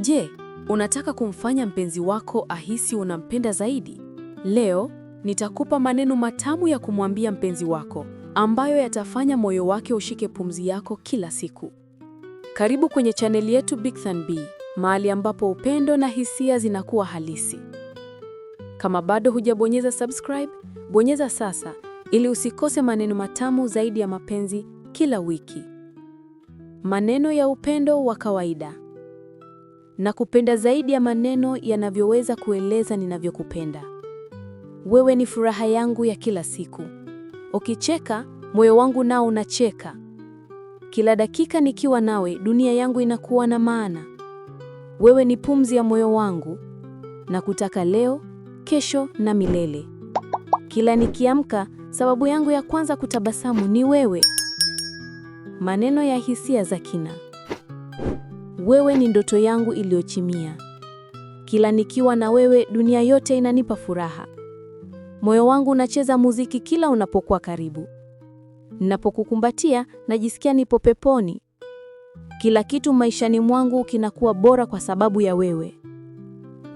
Je, unataka kumfanya mpenzi wako ahisi unampenda zaidi? Leo nitakupa maneno matamu ya kumwambia mpenzi wako ambayo yatafanya moyo wake ushike pumzi yako kila siku. Karibu kwenye chaneli yetu Than B, mahali ambapo upendo na hisia zinakuwa halisi. Kama bado hujabonyeza subscribe, bonyeza sasa ili usikose maneno matamu zaidi ya mapenzi kila wiki. Maneno ya upendo wa kawaida na kupenda zaidi ya maneno yanavyoweza kueleza ninavyokupenda. Wewe ni furaha yangu ya kila siku. Ukicheka, moyo wangu nao unacheka. Kila dakika nikiwa nawe, dunia yangu inakuwa na maana. Wewe ni pumzi ya moyo wangu. na kutaka leo, kesho na milele. Kila nikiamka, sababu yangu ya kwanza kutabasamu ni wewe. Maneno ya hisia za kina. Wewe ni ndoto yangu iliyochimia. Kila nikiwa na wewe, dunia yote inanipa furaha. Moyo wangu unacheza muziki kila unapokuwa karibu. Ninapokukumbatia, najisikia nipo peponi. Kila kitu maishani mwangu kinakuwa bora kwa sababu ya wewe.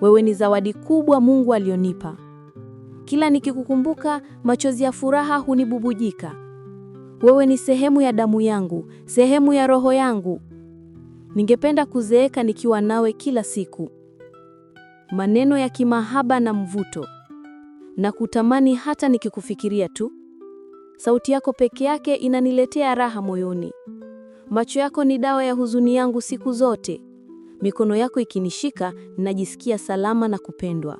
Wewe ni zawadi kubwa Mungu alionipa. Kila nikikukumbuka, machozi ya furaha hunibubujika. Wewe ni sehemu ya damu yangu, sehemu ya roho yangu. Ningependa kuzeeka nikiwa nawe kila siku. Maneno ya kimahaba na mvuto. Na kutamani hata nikikufikiria tu. Sauti yako peke yake inaniletea raha moyoni. Macho yako ni dawa ya huzuni yangu siku zote. Mikono yako ikinishika, najisikia salama na kupendwa.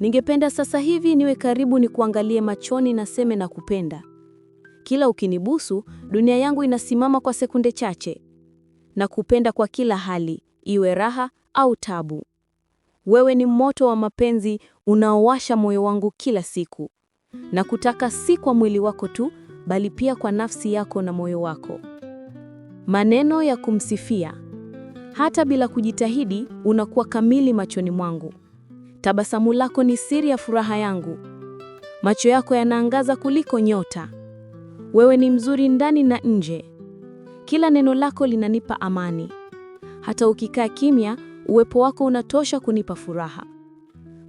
Ningependa sasa hivi niwe karibu, ni kuangalie machoni, naseme kupenda Kila ukinibusu, dunia yangu inasimama kwa sekunde chache na kupenda kwa kila hali, iwe raha au tabu. Wewe ni moto wa mapenzi unaowasha moyo wangu kila siku, na kutaka si kwa mwili wako tu, bali pia kwa nafsi yako na moyo wako. Maneno ya kumsifia. Hata bila kujitahidi, unakuwa kamili machoni mwangu. Tabasamu lako ni siri ya furaha yangu. Macho yako yanaangaza kuliko nyota. Wewe ni mzuri ndani na nje. Kila neno lako linanipa amani. Hata ukikaa kimya, uwepo wako unatosha kunipa furaha.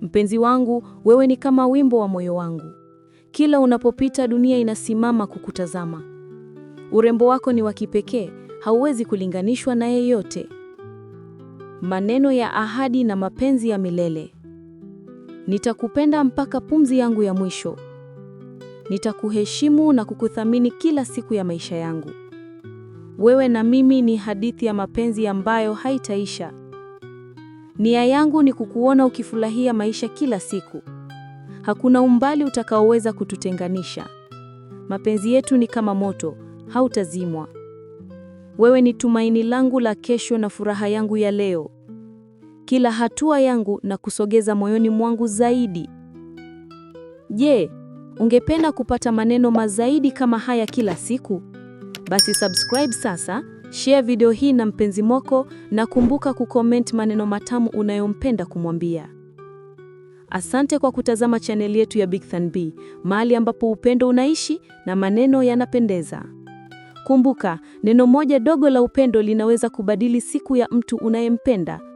Mpenzi wangu, wewe ni kama wimbo wa moyo wangu. Kila unapopita, dunia inasimama kukutazama. Urembo wako ni wa kipekee, hauwezi kulinganishwa na yeyote. Maneno ya ahadi na mapenzi ya milele. Nitakupenda mpaka pumzi yangu ya mwisho. Nitakuheshimu na kukuthamini kila siku ya maisha yangu. Wewe na mimi ni hadithi ya mapenzi ambayo haitaisha. Nia yangu ni kukuona ukifurahia maisha kila siku. Hakuna umbali utakaoweza kututenganisha. Mapenzi yetu ni kama moto, hautazimwa. Wewe ni tumaini langu la kesho na furaha yangu ya leo. Kila hatua yangu na kusogeza moyoni mwangu zaidi. Je, ungependa kupata maneno mazaidi kama haya kila siku? Basi subscribe sasa, share video hii na mpenzi mwako, na kumbuka kucomment maneno matamu unayompenda kumwambia. Asante kwa kutazama chaneli yetu ya Than b mahali ambapo upendo unaishi na maneno yanapendeza. Kumbuka, neno moja dogo la upendo linaweza kubadili siku ya mtu unayempenda.